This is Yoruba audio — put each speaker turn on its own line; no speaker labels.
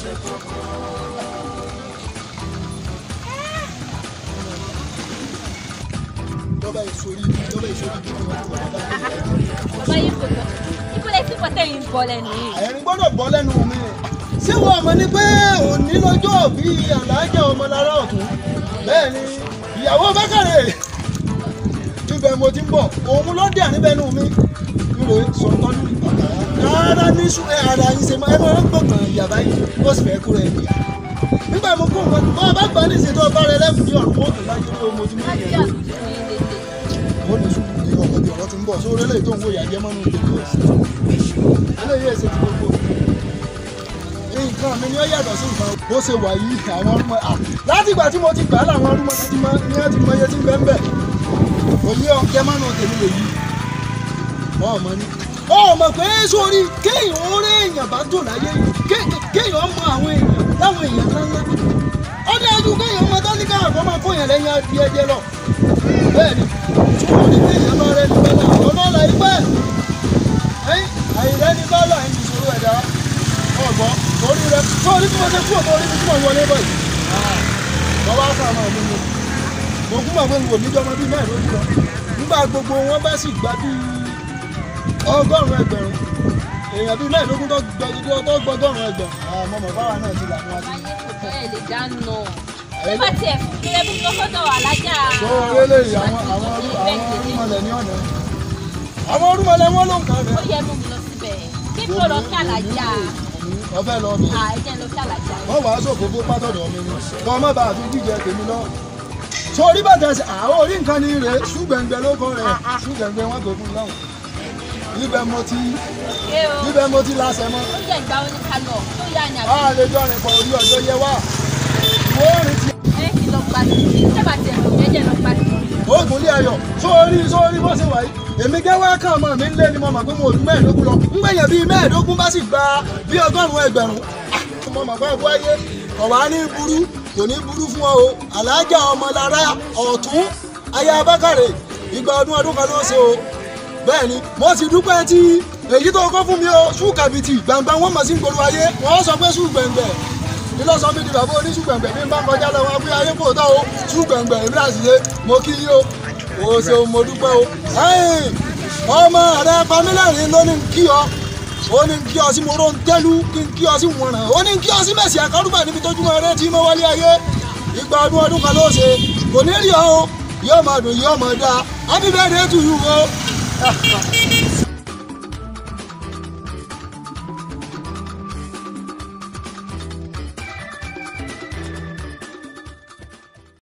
ṣe kókó. Tọ́ba ìsorí tọ́ba ìsorí kí ni wọ́n kọ́ Bàbá yìí kò bọ̀. Ìpínlẹ̀ tí kò tẹ̀yìn bọ̀ lẹ́nu yìí. Ẹ̀rín gbọ́dọ̀ bọ́ lẹ́nu mi. Ṣé wọ́n mọ̀ ní pé òní lọ́jọ́ bí àlàájá ọmọlára ọ̀tún? Bẹ́ẹ̀ni, ìyàwó Bákàrè. Ibẹ̀ mo ti ń bọ̀, òun ló dẹ̀ níbẹ̀ nù ní sùn ẹ ara yín ṣe ẹ máa ń gbọ̀ngàn ìyá báyìí ó sì fẹ́ kúrò ẹ̀yà nígbà mo kó nǹkan bá bá gbà ní ìṣètò ọba rẹ lẹ́kùn ní ọ̀rùn mọ́tò láyé tó mo ti mú ìyẹn lọ. mo ní sùn ní ọkọ̀ bí ọ̀rọ̀ ti ń bọ̀ sórí eléyìí tó ń wo ìyá mọ́nú ìdè eléyìí ẹ̀sìn ti gbogbo nǹkan mi ni ó yàtọ̀ sí nǹkan bó ṣe wà yìí àwọn ọmọ ọmọ pé sórí kéèyàn ó èèyàn bá dùn láyé kéèyàn mọ àwọn èèyàn láwọn èèyàn ńláńlá ó dájú kéèyàn mọ tálíkà àbọ̀ máa kó lẹ́yìn àbí ẹ̀jẹ̀ lọ bẹ́ẹ̀ ni tí wọ́n ní kéèyàn lọ rẹ nígbà náà ọ̀nà ọ̀la yìí pẹ́ ẹ̀yìn àìrẹ́ ní bọ́ọ̀lù àyìn ìṣòro ẹ̀dá ọ̀gbọ́n torí rẹ sórí tí mo ṣe kúrò torí tí mo wọlé bọ̀ yìí wọ́n wá fún àwọn ọmọ mi mo ọgọ́rùn-ún ẹgbẹ̀rún èèyàn bíi mẹ́ẹ̀ẹ́dógún tó gbọ́gọ́rùn-ún ẹgbẹ̀rún àmọ́ mọ̀ báwa náà ti là fún wa sí. ẹ lè dáná ẹ fi ẹ fún lọ́sọ̀tọ̀ mú kí n lọ lọ kí àlàjá ọfẹ lọ mi. wọ́n wàá sòfò fún pátọ́dọ̀ mi ni wọ́n bàtà àwọn orí nǹkan ni rèé ṣùgbẹ̀ngbẹ̀ ló kọ́ rẹ̀ ah, ah. ṣùgbẹ̀ngbẹ̀ wọn gbé fún láwọn níbẹ̀ mo ti níbẹ̀ mo ti láṣẹ mọ́. ó jẹ́ ìgbà oníkalọ̀ tó yá ni àbí. a lè jọ rìn pọ̀ orí ọjọ́ yẹ wá. ìwọ rìn ti. ẹ kì í lọ pa sí i ṣé bàtì ẹ̀rọ jẹ́jẹ́ lọ pa sí i. oògùn ilé ayọ̀ sórí sórí bó ṣe wà yìí èmi gẹ́ wá kàn mọ́ mi lé ni mo mọ̀ pé mo ọdún mẹ́ẹ̀ẹ́dógún lọ ń gbẹ̀yàn bíi mẹ́ẹ̀ẹ́dógún bá sì gba bíi ọgọ́rùn-ún ẹgbẹ̀rún. Ah, mo mọ̀ pé ọgbọ́n ayé ọ̀wá ní burú kò ní burú fún ọ o alájà ọmọlára ọ̀tún ayé abákàrè ìgbà ọdún ọdún kan ló ṣe o bẹ́ẹ̀ ni mo sì dúpẹ́ tí èyí tó kọ́ fún mi o ṣùkàbìtì gbàngbà wọn mọ̀ sí gbòòrò ayé wọ́n sọ pé ṣùgbẹ̀ngbẹ̀ ìlọsọ mi di bàbá oníṣùgbẹ̀ngbẹ̀ mi bá kọjá lọ wọn pé ayé kò tọ́ o ṣùgbẹ̀ngbẹ̀ èmi àti ṣe mo kí yí o o ṣeun mo dúpẹ́ o ọmọ rẹ pamílẹ̀rín ló ní kí ọ ó ní kí ọ sí moro ń tẹ́lu kí n kí ọ sí wọ̀nràn ó ní kí ọ sí mẹ̀sì àkọ́dúgbà níbi tójúmọ́ eré tí mo wálé ayé ìgbà ọdún ọdún kan ló ṣe kò ní rí ọ yóò máa dùn yóò máa dáa happy birthday to you o. あ、あ、あ、あ、